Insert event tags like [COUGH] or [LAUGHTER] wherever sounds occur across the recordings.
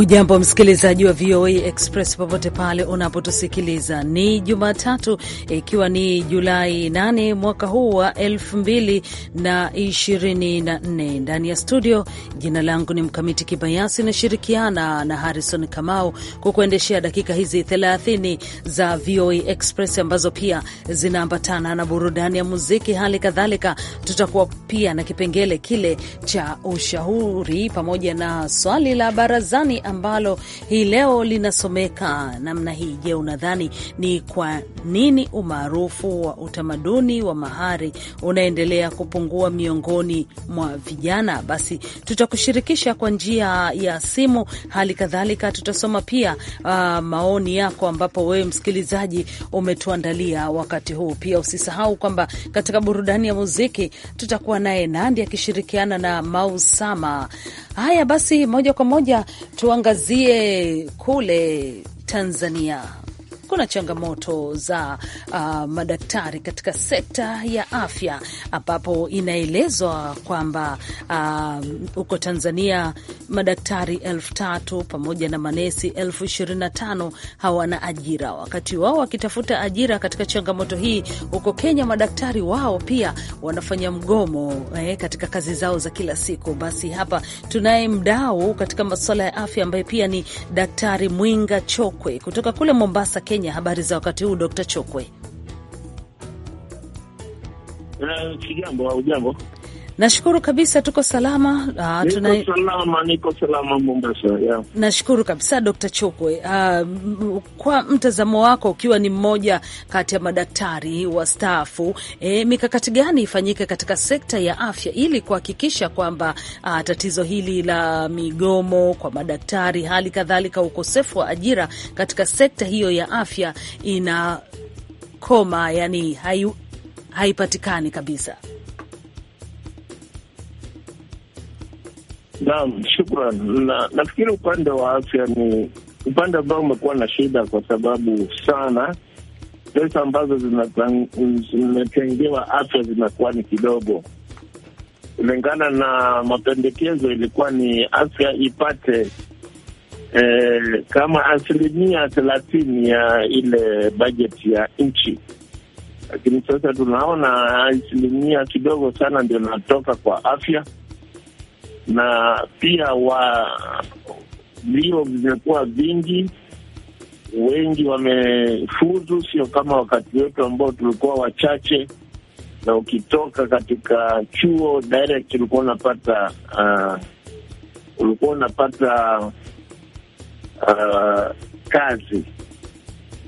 Hujambo msikilizaji wa VOA Express popote pale unapotusikiliza. Ni Jumatatu ikiwa ni Julai 8 mwaka huu wa 2024. Ndani ya studio, jina langu ni Mkamiti Kibayasi, nashirikiana na Harrison Kamau kukuendeshea dakika hizi 30 za VOA Express ambazo pia zinaambatana na burudani ya muziki. Hali kadhalika, tutakuwa pia na kipengele kile cha ushauri pamoja na swali la barazani ambalo hii leo linasomeka namna hii. Je, unadhani ni kwa nini umaarufu wa utamaduni wa mahari unaendelea kupungua miongoni mwa vijana? Basi tutakushirikisha kwa njia ya simu, hali kadhalika tutasoma pia uh, maoni yako ambapo wewe msikilizaji umetuandalia wakati huu. Pia usisahau kwamba katika burudani ya muziki tutakuwa naye Nandi akishirikiana na Mausama. Haya basi, moja kwa moja tu tuangazie kule Tanzania kuna changamoto za uh, madaktari katika sekta ya afya, ambapo inaelezwa kwamba um, huko uh, Tanzania madaktari elfu tatu pamoja na manesi elfu ishirini na tano hawana ajira, wakati wao wakitafuta ajira katika changamoto hii. Huko Kenya madaktari wao pia wanafanya mgomo eh, katika kazi zao za kila siku. Basi hapa tunaye mdau katika masuala ya afya ambaye pia ni Daktari Mwinga Chokwe kutoka kule Mombasa, Kenya. Kenya. Habari za wakati huu, Dr. Chokwe? Eh, au jambo Nashukuru kabisa, tuko salama. Uh, niko salama, niko salama Mombasa, yeah. Nashukuru kabisa Dkt. Chokwe. Uh, kwa mtazamo wako ukiwa ni mmoja kati ya madaktari wastaafu, eh, mikakati gani ifanyike katika sekta ya afya ili kuhakikisha kwamba uh, tatizo hili la migomo kwa madaktari, hali kadhalika ukosefu wa ajira katika sekta hiyo ya afya inakoma, yani haipatikani kabisa? Naam, shukran. Na nafikiri upande wa afya ni upande ambao umekuwa na shida, kwa sababu sana pesa ambazo zimetengewa afya zinakuwa ni kidogo. Kulingana na mapendekezo, ilikuwa ni afya ipate eh, kama asilimia thelathini ya ile bajeti ya nchi, lakini sasa tunaona asilimia kidogo sana ndio inatoka kwa afya na pia wa vio vimekuwa vingi, wengi wamefuzu, sio kama wakati wetu ambao tulikuwa wachache, na ukitoka katika chuo direct ulikuwa unapata uh, ulikuwa unapata uh, kazi.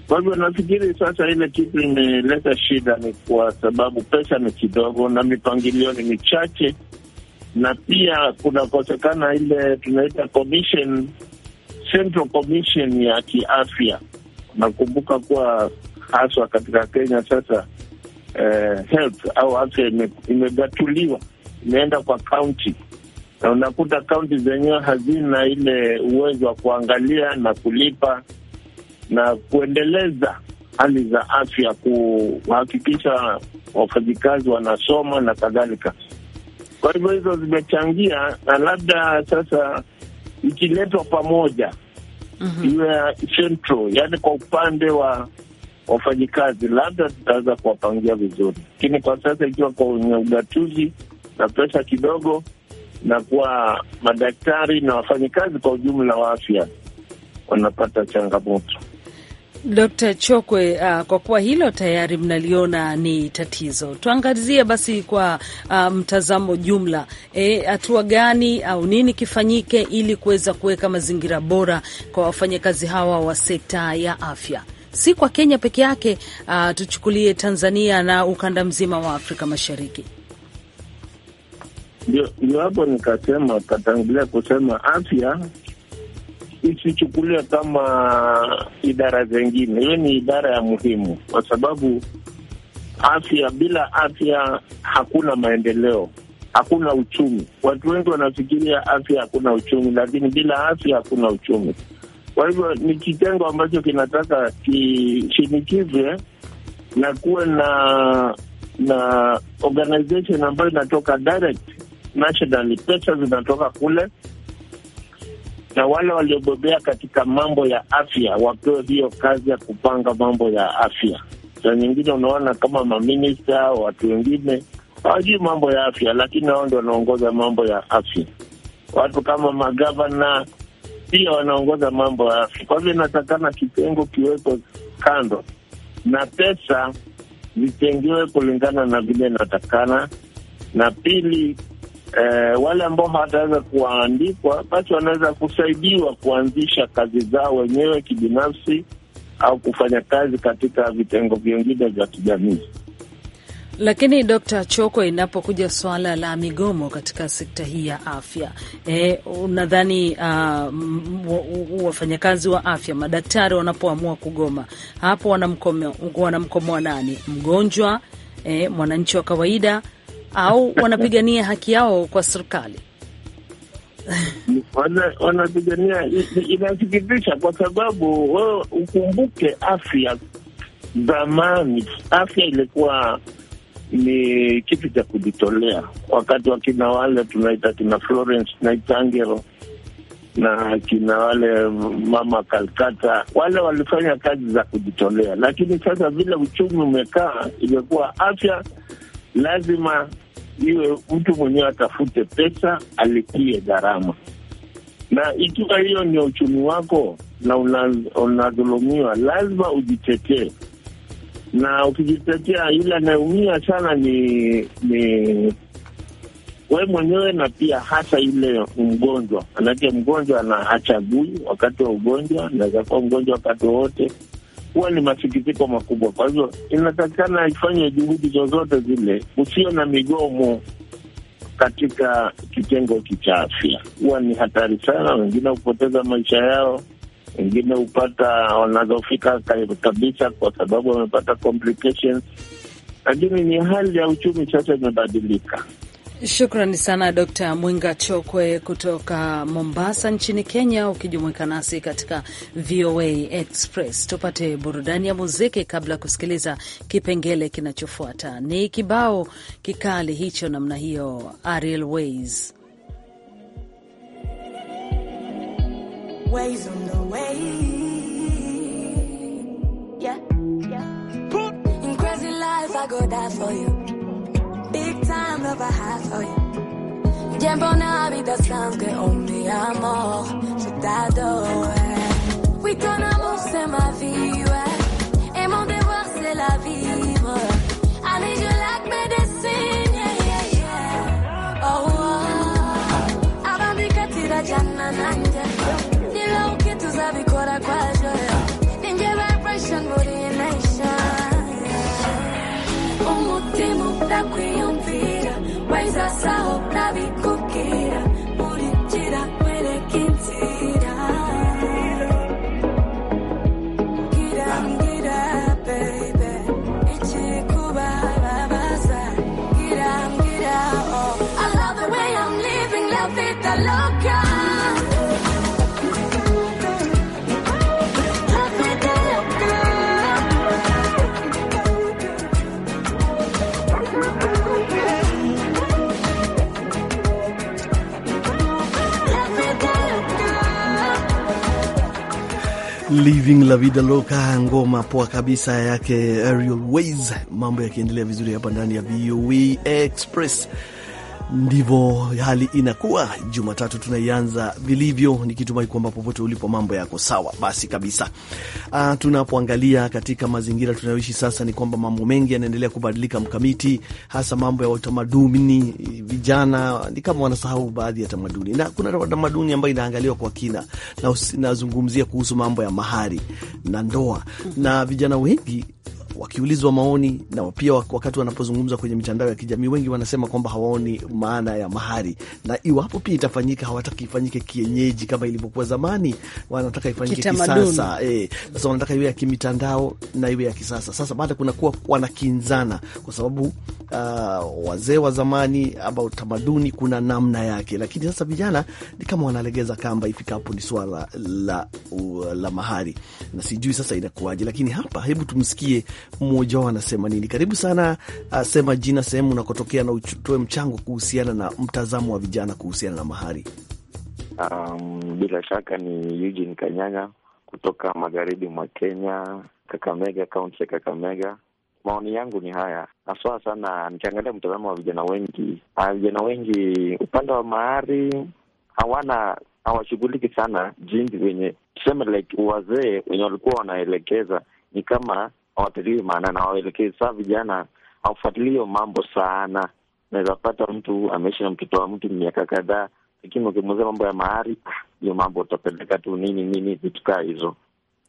Kwa hivyo nafikiri sasa ile kitu imeleta shida ni kwa sababu pesa ni kidogo na mipangilio ni michache na pia kunakosekana ile tunaita commission, central commission ya kiafya. Nakumbuka kuwa haswa katika Kenya sasa eh, health au afya imegatuliwa imeenda kwa kaunti, na unakuta kaunti zenyewe hazina ile uwezo wa kuangalia na kulipa na kuendeleza hali za afya, kuhakikisha wafanyikazi wanasoma na kadhalika. Kwa hivyo hizo zimechangia, na labda sasa ikiletwa pamoja mm -hmm. iwe central, yani kwa upande wa wafanyikazi, labda tutaweza kuwapangia vizuri, lakini kwa sasa ikiwa kwenye ugatuzi na pesa kidogo, na kuwa madaktari na wafanyikazi kwa ujumla wa afya wanapata changamoto. Dkt. Chokwe, uh, kwa kuwa hilo tayari mnaliona ni tatizo, tuangazie basi kwa uh, mtazamo jumla, e, hatua e, gani au nini kifanyike ili kuweza kuweka mazingira bora kwa wafanyakazi hawa wa sekta ya afya, si kwa Kenya peke yake, uh, tuchukulie Tanzania na ukanda mzima wa Afrika Mashariki. Ndio hapo nikasema katangulia kusema afya isichukulia kama idara zengine. Hiyo ni idara ya muhimu, kwa sababu afya, bila afya hakuna maendeleo, hakuna uchumi. Watu wengi wanafikiria afya hakuna uchumi, lakini bila afya hakuna uchumi. Kwa hivyo ni kitengo ambacho kinataka kishinikizwe na kuwe na na organization ambayo inatoka direct nationally, pesa zinatoka kule na wale waliobobea katika mambo ya afya wapewe hiyo kazi ya kupanga mambo ya afya. Saa nyingine unaona kama maminista, watu wengine hawajui mambo ya afya, lakini hao ndio wanaongoza mambo ya afya. Watu kama magavana pia wanaongoza mambo ya afya. Kwa hivyo inatakana kitengo kiweko kando na pesa zitengewe kulingana na vile inatakana, na pili, eh, wale ambao hawataweza kuwaandikwa basi wanaweza kusaidiwa kuanzisha kazi zao wenyewe kibinafsi au kufanya kazi katika vitengo vingine vya kijamii. Lakini Dkt. Choko, inapokuja suala la migomo katika sekta hii ya afya, e, unadhani uh, wafanyakazi wa afya madaktari wanapoamua kugoma hapo wanamkomoa nani? Mgonjwa, e, mwananchi wa kawaida au wanapigania haki yao kwa serikali? Wanapigania. Inasikitisha kwa sababu wewe ukumbuke, afya zamani, afya ilikuwa ni kitu cha kujitolea. Wakati wa kina wale tunaita kina Florence Nightingale na kina wale mama Kalkata, wale walifanya kazi za kujitolea, lakini sasa vile uchumi umekaa, imekuwa afya lazima iwe mtu mwenyewe atafute pesa alipie gharama, na ikiwa hiyo ndio uchumi wako na unadhulumiwa, lazima ujitetee, na ukijitetea, yule anayeumia sana ni ni we mwenyewe na pia hasa ile mgonjwa, manake mgonjwa na achagui wakati wa ugonjwa, anaweza kuwa mgonjwa wakati wowote huwa ni masikitiko makubwa. Kwa hivyo inatakikana ifanye juhudi zozote zile, usio na migomo katika kitengo hiki cha afya. Huwa ni hatari sana, wengine hupoteza maisha yao, wengine hupata wanazofika kabisa, kwa sababu wamepata complications. Lakini ni hali ya uchumi sasa imebadilika. Shukrani sana Dr Mwinga Chokwe kutoka Mombasa nchini Kenya, ukijumuika nasi katika VOA Express. Tupate burudani ya muziki kabla ya kusikiliza kipengele kinachofuata. Ni kibao kikali hicho namna hiyo, Ariel Ways. Ways on the way. Yeah, yeah. Crazy life, I go die for you. Big time love oh I have for you. Tiempo na habitación que un mi amor se t'a donné. Oui, ton amour c'est ma vie, ouais. Et mon devoir c'est la vivre. I need you like medicine, yeah, yeah, yeah. Oh, wow. Oh. tira jana nanje. Nila ukituza vikora kwa Ninge vibration, body in nation. Yeah. Umutima utakwira. Living La Vida Loca, ngoma poa kabisa yake Aerial Ways, mambo yakiendelea vizuri hapa ndani ya VOA e Express. Ndivyo hali inakuwa. Jumatatu tunaianza vilivyo, nikitumai kwamba popote ulipo mambo yako sawa. Basi kabisa, uh, tunapoangalia katika mazingira tunayoishi sasa, ni kwamba mambo mengi yanaendelea kubadilika, mkamiti, hasa mambo ya utamaduni. Vijana ni kama wanasahau baadhi ya tamaduni, na kuna tamaduni ambayo inaangaliwa kwa kina, na nazungumzia kuhusu mambo ya mahari na ndoa, na vijana wengi wakiulizwa maoni na pia wakati wanapozungumza kwenye mitandao ya kijamii, wengi wanasema kwamba hawaoni maana ya mahari, na iwapo pia itafanyika hawataki ifanyike kienyeji kama ilivyokuwa zamani, wanataka ifanyike kisasa. eh. sasa wanataka iwe ya kimitandao na iwe ya kisasa. Sasa baada kuna kuwa wanakinzana kwa sababu uh, wazee wa zamani ama utamaduni kuna namna yake, lakini sasa vijana ni kama wanalegeza kamba ifikapo ni swala la, la, la mahari, na sijui sasa inakuwaje, lakini hapa hebu tumsikie mmoja wao anasema nini. Karibu sana, asema uh, jina, sehemu unakotokea na utoe mchango kuhusiana na mtazamo wa vijana kuhusiana na mahari. Um, bila shaka ni Eugene Kanyanya kutoka magharibi mwa Kenya, Kakamega, kaunti ya Kakamega. Maoni yangu ni haya haswa sana, nikiangalia mtazamo wa vijana wengi, uh, vijana wengi upande wa mahari hawana hawashughuliki sana jinsi wenye tuseme, like wazee wenye walikuwa wanaelekeza, ni kama hawatilii maana na hawaelekezi. Saa vijana hawafuatilio mambo sana, unaweza pata mtu ameishi na mtoto wa mtu miaka kadhaa, lakini ukimwezea mambo ya mahari, ah, hiyo mambo utapeleka tu nini nini, vitu kaa hizo.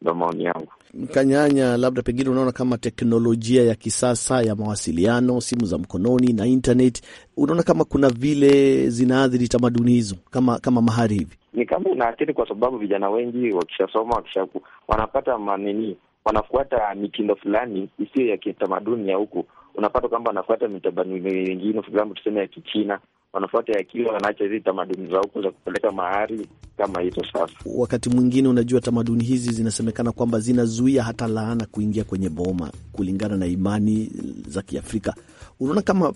Ndo maoni yangu. Kanyanya, labda pengine unaona kama teknolojia ya kisasa ya mawasiliano, simu za mkononi na internet, unaona kama kuna vile zinaathiri tamaduni hizo kama kama mahari hivi? Ni kama unaathiri, kwa sababu vijana wengi wakishasoma wakisha wanapata manini wanafuata mitindo fulani isiyo ya kitamaduni ya huku. Unapata kwamba wanafuata mitamaduni mingine, kwa example tuseme ya Kichina wanafuata ya kile wanaacha hizi tamaduni za huku za kupeleka mahari kama hizo. Sasa wakati mwingine, unajua tamaduni hizi zinasemekana kwamba zinazuia hata laana kuingia kwenye boma kulingana na imani za Kiafrika. Unaona kama uh,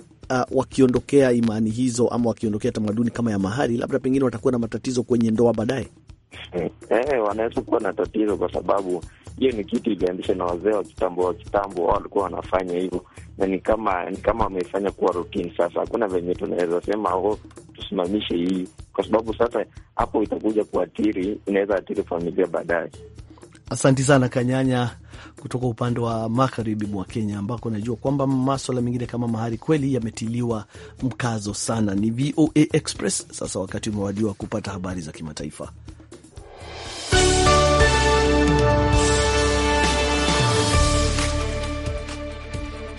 wakiondokea imani hizo ama wakiondokea tamaduni kama ya mahari, labda pengine watakuwa na matatizo kwenye ndoa baadaye. Eh, eh wanaweza kuwa na tatizo kwa sababu hiyo ni kitu iliandisha na wazee wa kitambo wa kitambo, wao walikuwa wanafanya hivyo, na ni kama ni kama wameifanya kuwa routine. Sasa hakuna venye tunaweza sema oh, tusimamishe hii, kwa sababu sasa hapo itakuja kuathiri, inaweza athiri familia baadaye. Asanti sana Kanyanya kutoka upande wa magharibi mwa Kenya, ambako najua kwamba maswala mengine kama mahari kweli yametiliwa mkazo sana. Ni VOA Express. Sasa wakati umewadiwa kupata habari za kimataifa.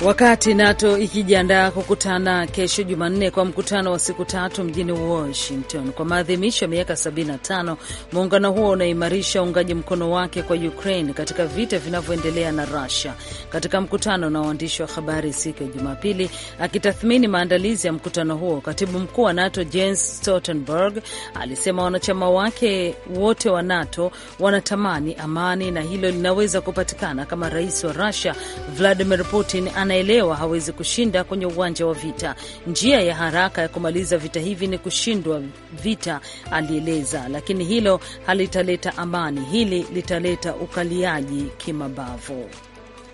Wakati NATO ikijiandaa kukutana kesho Jumanne kwa mkutano wa siku tatu mjini Washington kwa maadhimisho ya miaka 75, muungano huo unaimarisha uungaji mkono wake kwa Ukraine katika vita vinavyoendelea na Russia. Katika mkutano na waandishi wa habari siku ya Jumapili, akitathmini maandalizi ya mkutano huo, katibu mkuu wa NATO Jens Stoltenberg alisema wanachama wake wote wa NATO wanatamani amani na hilo linaweza kupatikana kama rais wa Russia Vladimir Putin anaelewa hawezi kushinda kwenye uwanja wa vita. Njia ya haraka ya kumaliza vita hivi ni kushindwa vita, alieleza, lakini hilo halitaleta amani, hili litaleta ukaliaji kimabavu.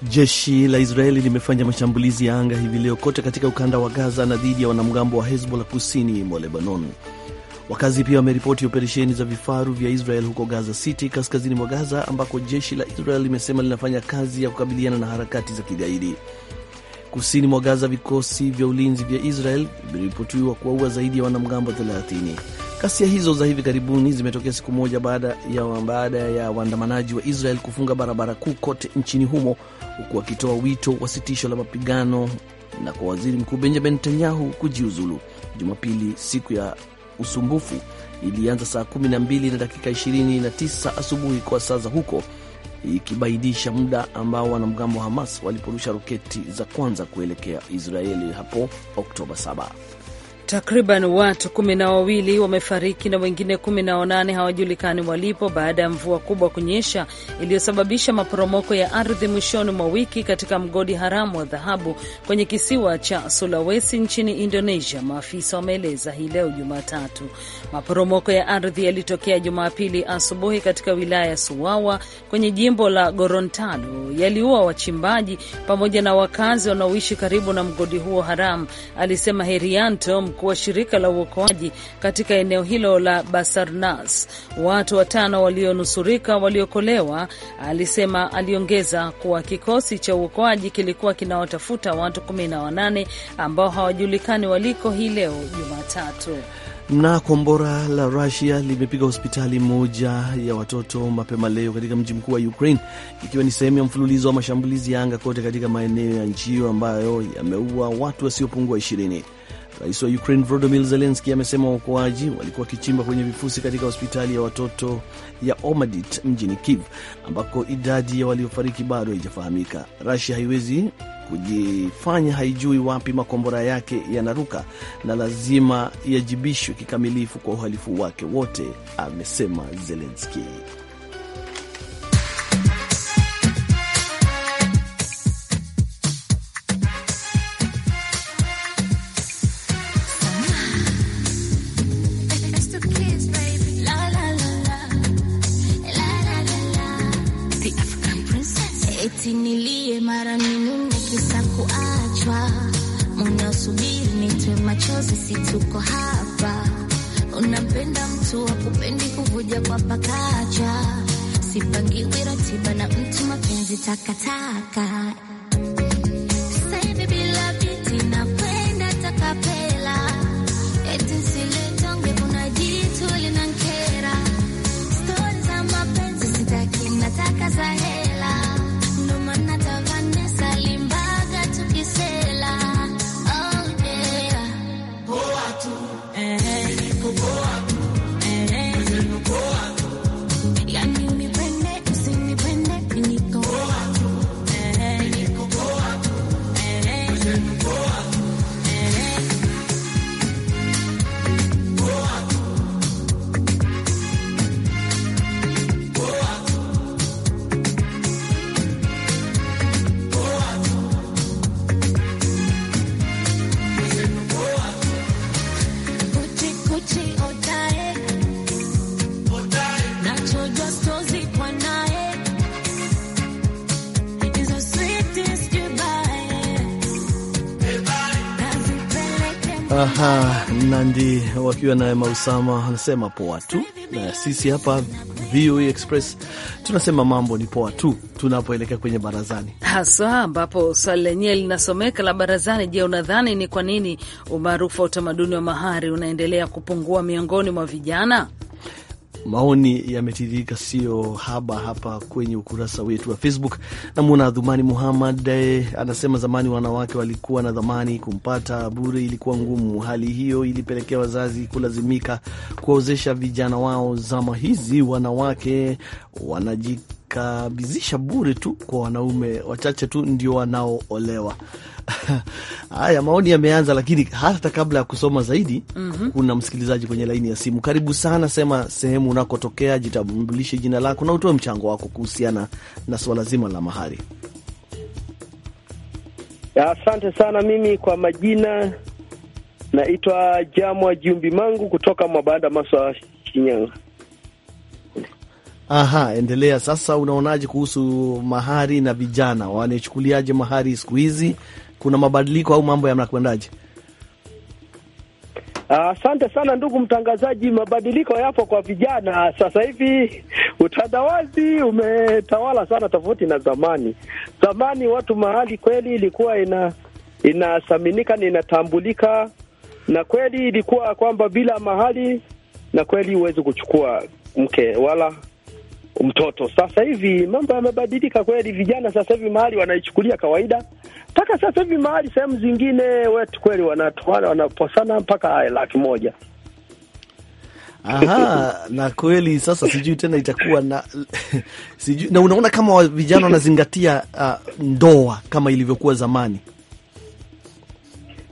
Jeshi la Israeli limefanya mashambulizi ya anga hivi leo kote katika ukanda wa Gaza na dhidi ya wanamgambo wa Hezbollah kusini mwa Lebanon. Wakazi pia wameripoti operesheni za vifaru vya Israel huko Gaza City, kaskazini mwa Gaza, ambako jeshi la Israel limesema linafanya kazi ya kukabiliana na harakati za kigaidi. Kusini mwa Gaza, vikosi vya ulinzi vya Israel viliripotiwa kuwaua zaidi ya wanamgambo 30. Ghasia hizo za hivi karibuni zimetokea siku moja baada ya baada ya waandamanaji wa Israel kufunga barabara kuu kote nchini humo huku wakitoa wito wa sitisho la mapigano na kwa waziri mkuu Benjamin Netanyahu kujiuzulu. Jumapili, siku ya usumbufu ilianza saa 12 na dakika 29 asubuhi kwa saa za huko ikibainisha muda ambao wanamgambo wa Hamas waliporusha roketi za kwanza kuelekea Israeli hapo Oktoba 7. Takriban watu kumi na wawili wamefariki na wengine kumi na wanane hawajulikani walipo baada ya mvua kubwa kunyesha iliyosababisha maporomoko ya ardhi mwishoni mwa wiki katika mgodi haramu wa dhahabu kwenye kisiwa cha Sulawesi nchini Indonesia, maafisa wameeleza hii leo Jumatatu. Maporomoko ya ardhi yalitokea Jumapili asubuhi katika wilaya ya Suwawa kwenye jimbo la Gorontalo, yaliua wachimbaji pamoja na wakazi wanaoishi karibu na mgodi huo haramu, alisema Herianto mkuu wa shirika la uokoaji katika eneo hilo la Basarnas. Watu watano walionusurika waliokolewa, alisema. Aliongeza kuwa kikosi cha uokoaji kilikuwa kinawatafuta watu 18 ambao hawajulikani waliko hii leo Jumatatu na kombora la Rusia limepiga hospitali moja ya watoto mapema leo katika mji mkuu wa Ukraine, ikiwa ni sehemu ya mfululizo wa mashambulizi ya anga kote katika maeneo ya nchi hiyo ambayo yameua watu wasiopungua ishirini. Rais wa Ukraine Volodymyr Zelensky amesema waokoaji walikuwa wakichimba kwenye vifusi katika hospitali ya watoto ya Omadit mjini Kiev, ambako idadi ya waliofariki bado haijafahamika. Rusia haiwezi kujifanya haijui wapi makombora yake yanaruka na lazima yajibishwe kikamilifu kwa uhalifu wake wote, amesema Zelensky. 차카 차카 wakiwa naye Mausama anasema poa tu, na sisi hapa VOA Express tunasema mambo ni poa tu tunapoelekea kwenye barazani, haswa ambapo swali lenyewe linasomeka la barazani: Je, unadhani ni kwa nini umaarufu wa utamaduni wa mahari unaendelea kupungua miongoni mwa vijana? Maoni yametiririka sio haba hapa kwenye ukurasa wetu wa Facebook. Namwona Dhumani Muhammad eh, anasema zamani wanawake walikuwa na dhamani, kumpata bure ilikuwa ngumu. Hali hiyo ilipelekea wazazi kulazimika kuwaozesha vijana wao. Zama hizi wanawake wanajik ikabizisha bure tu kwa wanaume wachache tu ndio wanaoolewa. [LAUGHS] Haya maoni yameanza, lakini hata kabla ya kusoma zaidi mm -hmm. kuna msikilizaji kwenye laini ya simu. Karibu sana, sema sehemu unakotokea, jitambulishe jina lako na utoe mchango wako kuhusiana na suala zima la mahari. Asante sana. Mimi kwa majina naitwa Jamwa Jumbi Mangu kutoka Mabanda Maswa, Shinyanga. Aha, endelea sasa. Unaonaje kuhusu mahari na vijana, wanachukuliaje mahari siku hizi? Kuna mabadiliko au mambo yanakwendaje? Asante uh, sana ndugu mtangazaji. Mabadiliko yapo kwa vijana sasa hivi. Utandawazi umetawala sana, tofauti na zamani. Zamani watu mahali kweli ilikuwa ina inasaminika na inatambulika, na kweli ilikuwa kwamba bila mahali na kweli huwezi kuchukua mke wala mtoto. Sasa hivi mambo yamebadilika kweli, vijana sasa hivi mahali wanaichukulia kawaida mpaka sasa hivi mahali, sehemu zingine wetu kweli wanatoana, wanaposana mpaka laki moja. Aha, na kweli sasa sijui tena itakuwa na [LAUGHS] sijui, na unaona kama vijana wanazingatia uh, ndoa kama ilivyokuwa zamani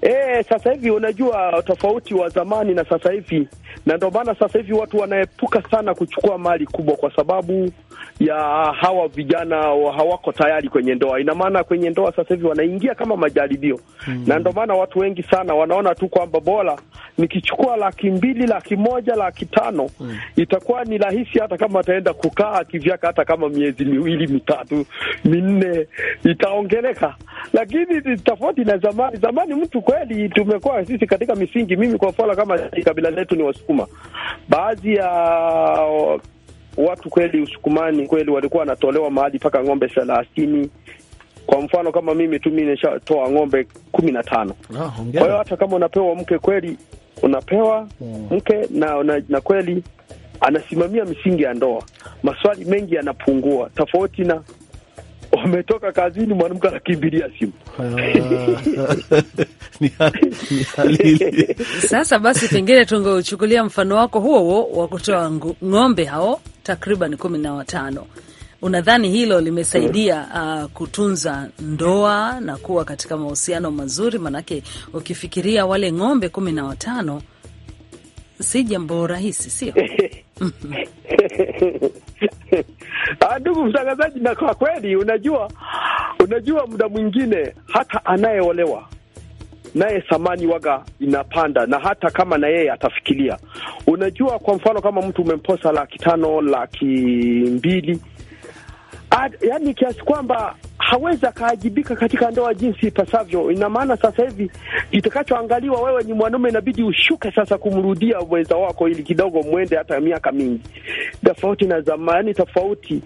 E, sasa hivi unajua tofauti wa zamani na sasa hivi, na ndio maana sasa hivi watu wanaepuka sana kuchukua mali kubwa, kwa sababu ya hawa vijana hawako tayari kwenye ndoa. Ina maana kwenye ndoa sasa hivi wanaingia kama majaribio mm. na ndio maana watu wengi sana wanaona tu kwamba bora nikichukua laki mbili, laki moja, laki tano mm. itakuwa ni rahisi, hata kama ataenda kukaa kivyaka, hata kama miezi miwili mitatu minne itaongeleka, lakini tofauti na zamani. Zamani mtu kweli tumekuwa sisi katika misingi, mimi kwa mfano kama kabila letu ni Wasukuma, baadhi ya watu kweli Usukumani kweli walikuwa wanatolewa mahali mpaka ng'ombe thelathini kwa mfano kama mimi tu mi nishatoa ng'ombe kumi na tano. Ah, kwa hiyo hata kama unapewa mke kweli unapewa hmm, mke na, na, na kweli anasimamia misingi ya ndoa, maswali mengi yanapungua, tofauti na wametoka kazini, mwanamke anakimbilia simu. [LAUGHS] Sasa basi, pengine tungeuchukulia mfano wako huo huo wa kutoa ng'ombe hao takriban kumi na watano unadhani hilo limesaidia uh, kutunza ndoa na kuwa katika mahusiano mazuri? Manake ukifikiria wale ng'ombe kumi na watano si jambo rahisi, sio? [LAUGHS] Mm-hmm. [LAUGHS] Ah, ndugu mtangazaji, na kwa kweli, unajua unajua, muda mwingine hata anayeolewa naye thamani waga inapanda, na hata kama na yeye atafikiria, unajua, kwa mfano kama mtu umemposa laki tano laki mbili, yaani kiasi kwamba hawezi akaajibika katika ndoa jinsi ipasavyo. Ina maana sasa hivi kitakachoangaliwa, wewe ni mwanaume, inabidi ushuke sasa kumrudia mweza wako ili kidogo mwende hata miaka mingi, tofauti na zamani, tofauti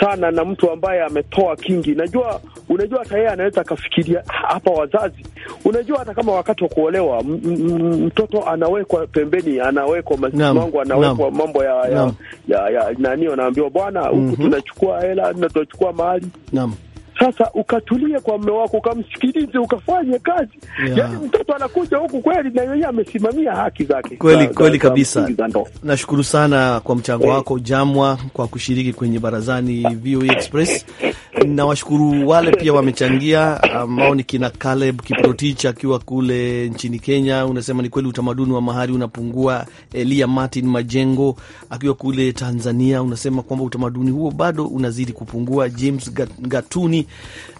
sana na mtu ambaye ametoa kingi. Najua unajua, hata yeye anaweza akafikiria hapa. Wazazi, unajua, hata kama wakati wa kuolewa mtoto anawekwa pembeni, anawekwa masimangu, anawekwa mambo ya ya, ya, ya, nani, wanaambiwa bwana, huku mm-hmm. tunachukua hela na tunachukua mahali, naam sasa ukatulia kwa mume wako, ukamsikilize, ukafanye kazi yeah. Yaani mtoto anakuja huku kweli, na yeye amesimamia haki zake kweli za, kweli za, kabisa. Nashukuru sana kwa mchango eh. wako Jamwa, kwa kushiriki kwenye barazani VOA e Express. Nawashukuru wale pia wamechangia ambao um, ni kina Caleb Kiprotich akiwa kule nchini Kenya, unasema ni kweli utamaduni wa mahari unapungua. Elia Martin Majengo akiwa kule Tanzania, unasema kwamba utamaduni huo bado unazidi kupungua. James Gatuni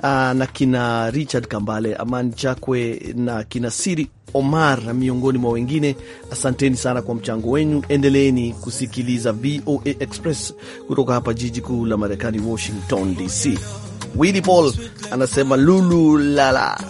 uh, na kina Richard Kambale, Aman Chakwe na kina Siri Omar na miongoni mwa wengine. Asanteni sana kwa mchango wenu. Endeleeni kusikiliza VOA Express kutoka hapa jiji kuu la Marekani, Washington DC. Willy Paul anasema lulu lala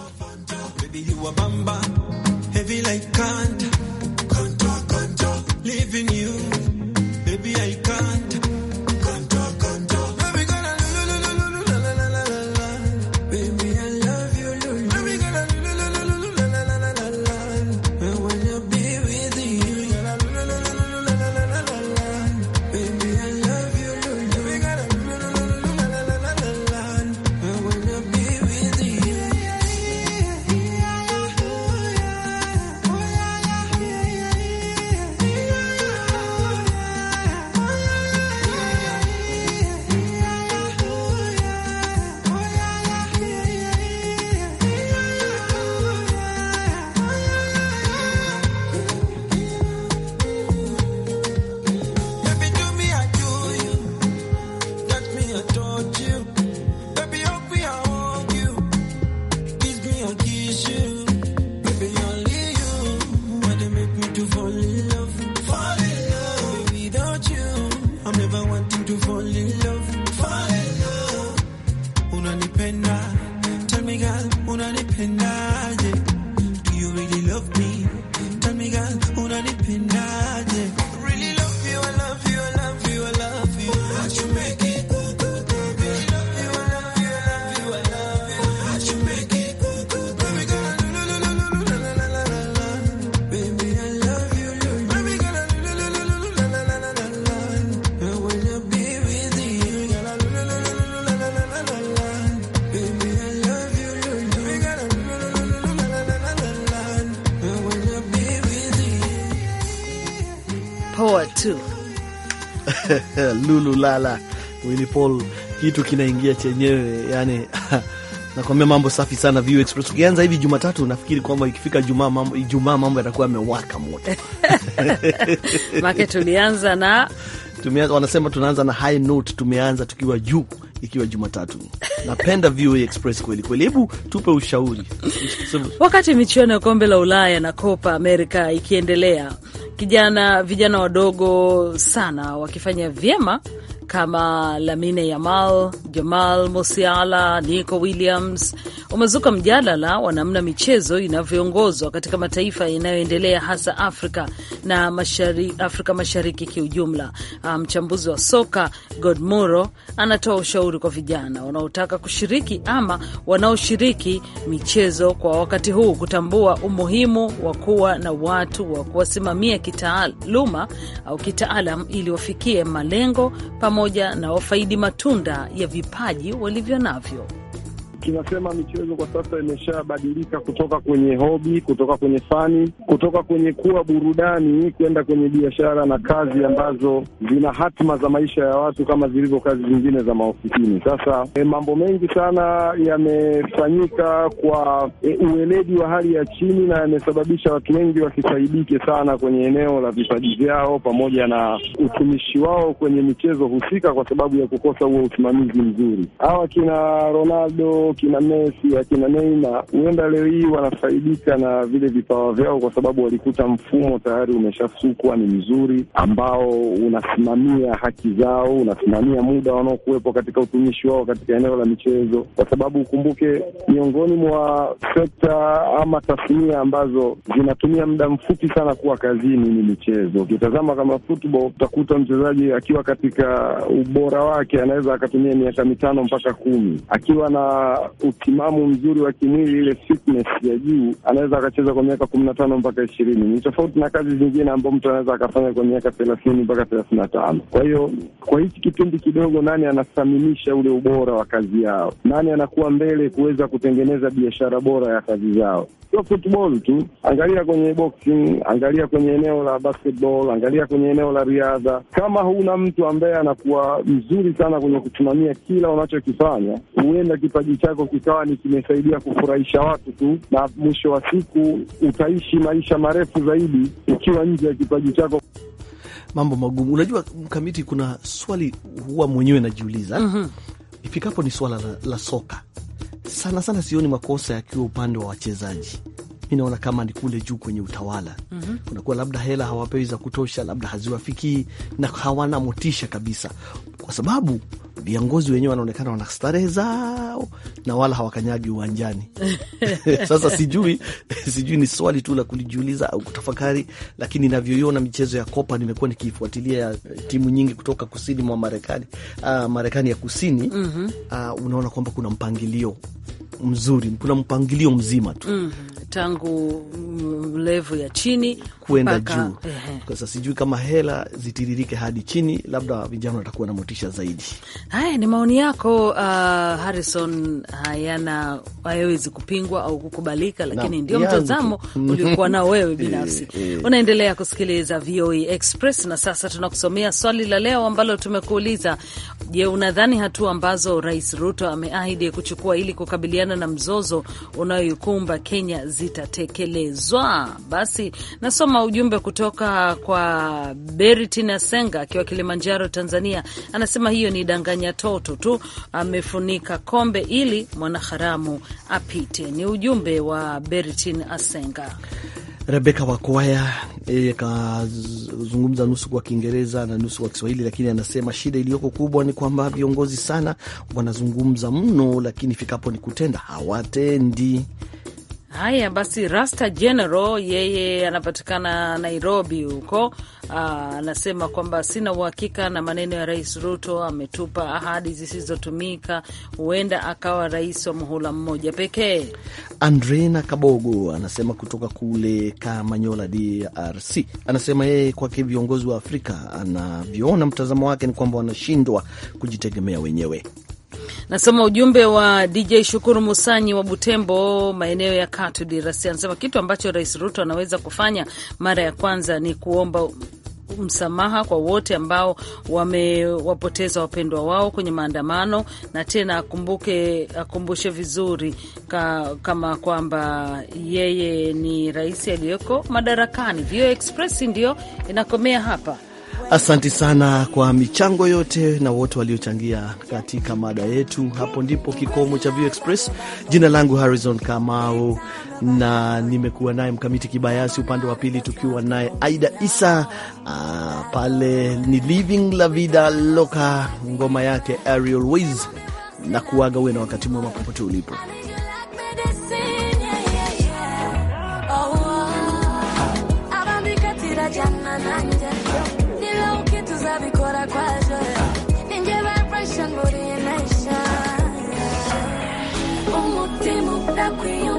poa tu [LAUGHS] Lulu lala Willy Paul, kitu kinaingia chenyewe yani [LAUGHS] nakwambia mambo safi sana View Express. Ukianza hivi Jumatatu nafikiri kwamba ikifika Jumaa mambo Ijumaa mambo yatakuwa yamewaka moto [LAUGHS] make tulianza na tumeanza, wanasema tunaanza na high note, tumeanza tukiwa juu ikiwa Jumatatu. Napenda VOA Express kweli kweli. Hebu tupe ushauri. Wakati michuano ya kombe la Ulaya na Copa America ikiendelea, kijana vijana wadogo sana wakifanya vyema kama Lamine Yamal, Jamal Musiala, Nico Williams. Umezuka mjadala wa namna michezo inavyoongozwa katika mataifa yanayoendelea hasa Afrika na mashari, Afrika Mashariki kiujumla. Ah, mchambuzi um, wa soka Godmoro anatoa ushauri kwa vijana wanaotaka kushiriki ama wanaoshiriki michezo kwa wakati huu kutambua umuhimu wa kuwa na watu wa kuwasimamia kitaaluma au kitaalam ili wafikie malengo pamoja pamoja na wafaidi matunda ya vipaji walivyo navyo tunasema michezo kwa sasa imeshabadilika kutoka kwenye hobi, kutoka kwenye fani, kutoka kwenye kuwa burudani kwenda kwenye biashara na kazi ambazo zina hatima za maisha ya watu kama zilivyo kazi zingine za maofisini. Sasa e, mambo mengi sana yamefanyika kwa e, eh, ueledi wa hali ya chini na yamesababisha watu wengi wasifaidike sana kwenye eneo la vipaji vyao pamoja na utumishi wao kwenye michezo husika, kwa sababu ya kukosa huo usimamizi mzuri. Hawa kina Ronaldo kina Messi akina Neymar huenda leo hii wanafaidika na vile vipawa vyao, kwa sababu walikuta mfumo tayari umeshasukwa ni mzuri, ambao unasimamia haki zao, unasimamia muda wanaokuwepo katika utumishi wao katika eneo la michezo, kwa sababu ukumbuke, miongoni mwa sekta ama tasnia ambazo zinatumia muda mfupi sana kuwa kazini ni michezo. Ukitazama kama football, utakuta mchezaji akiwa katika ubora wake anaweza akatumia miaka mitano mpaka kumi akiwa na utimamu mzuri wa kimwili, ile fitness ya juu, anaweza akacheza kwa miaka kumi na tano mpaka ishirini. Ni tofauti na kazi zingine ambao mtu anaweza akafanya kwa miaka thelathini mpaka thelathini na tano. Kwa hiyo kwa hichi kipindi kidogo, nani anathaminisha ule ubora wa kazi yao? Nani anakuwa mbele kuweza kutengeneza biashara bora ya kazi zao? Sio football tu, angalia kwenye boxing, angalia kwenye eneo la basketball, angalia kwenye eneo la riadha. Kama huna mtu ambaye anakuwa mzuri sana kwenye kusimamia kila unachokifanya, huenda kipaji chake chako kikawa ni kimesaidia kufurahisha watu tu, na mwisho wa siku utaishi maisha marefu zaidi ukiwa nje ya kipaji chako. Mambo magumu, unajua Mkamiti, kuna swali huwa mwenyewe najiuliza mm -hmm. Ifikapo ni swala la, la soka sana sana, sioni makosa yakiwa upande wa wachezaji mi naona kama ni kule juu kwenye utawala mm -hmm. Kunakuwa labda hela hawapewi za kutosha, labda haziwafikii na hawana motisha kabisa kwa sababu viongozi wenyewe wanaonekana wana starehe zao na wala hawakanyagi uwanjani. [LAUGHS] Sasa sijui sijui, ni swali tu la kulijiuliza au kutafakari, lakini navyoiona michezo ya Kopa, nimekuwa nikiifuatilia timu nyingi kutoka kusini mwa Marekani, uh, Marekani ya kusini mm -hmm. uh, unaona kwamba kuna mpangilio mzuri, kuna mpangilio mzima tu mm, tangu mm, levu ya chini kuenda juu. Sasa sijui kama hela zitiririke hadi chini, labda vijana watakuwa na motisha zaidi. Haya ni maoni yako, uh, Harrison. Hayana, hayawezi kupingwa au kukubalika, lakini ndio mtazamo uliokuwa nao wewe binafsi. e, [LAUGHS] e. Unaendelea kusikiliza VOA e Express na sasa tunakusomea swali la leo ambalo tumekuuliza. Je, unadhani hatua ambazo Rais Ruto ameahidi kuchukua ili kukabiliana kuhusiana na mzozo unayoikumba Kenya zitatekelezwa? Basi nasoma ujumbe kutoka kwa Beritina Senga akiwa Kilimanjaro, Tanzania. Anasema hiyo ni danganya toto tu, amefunika kombe ili mwanaharamu apite. Ni ujumbe wa Beritin Asenga. Rebeka Wakwaya yeye akazungumza nusu kwa Kiingereza na nusu kwa Kiswahili, lakini anasema shida iliyoko kubwa ni kwamba viongozi sana wanazungumza mno, lakini ifikapo ni kutenda hawatendi. Haya basi, Rasta General yeye anapatikana Nairobi huko, ah, anasema kwamba sina uhakika na maneno ya Rais Ruto. Ametupa ahadi zisizotumika, huenda akawa rais wa muhula mmoja pekee. Andrena Kabogo anasema kutoka kule Kamanyola, DRC, anasema yeye kwake viongozi wa Afrika anavyoona, mtazamo wake ni kwamba wanashindwa kujitegemea wenyewe. Nasoma ujumbe wa DJ Shukuru Musanyi wa Butembo, maeneo ya Katu, DRC. Anasema kitu ambacho Rais Ruto anaweza kufanya mara ya kwanza ni kuomba msamaha kwa wote ambao wamewapoteza wapendwa wao kwenye maandamano, na tena akumbuke, akumbushe vizuri ka, kama kwamba yeye ni rais aliyoko madarakani. Vio Express ndio inakomea hapa. Asante sana kwa michango yote na wote waliochangia katika mada yetu. Hapo ndipo kikomo cha View Express. Jina langu Harrison Kamau na nimekuwa naye Mkamiti Kibayasi upande wa pili, tukiwa naye Aida Isa. Aa, ah, pale ni Living La Vida Loka, ngoma yake Ariel Ways na kuaga. Uwe na wakati mwema popote ulipo. Nakuyo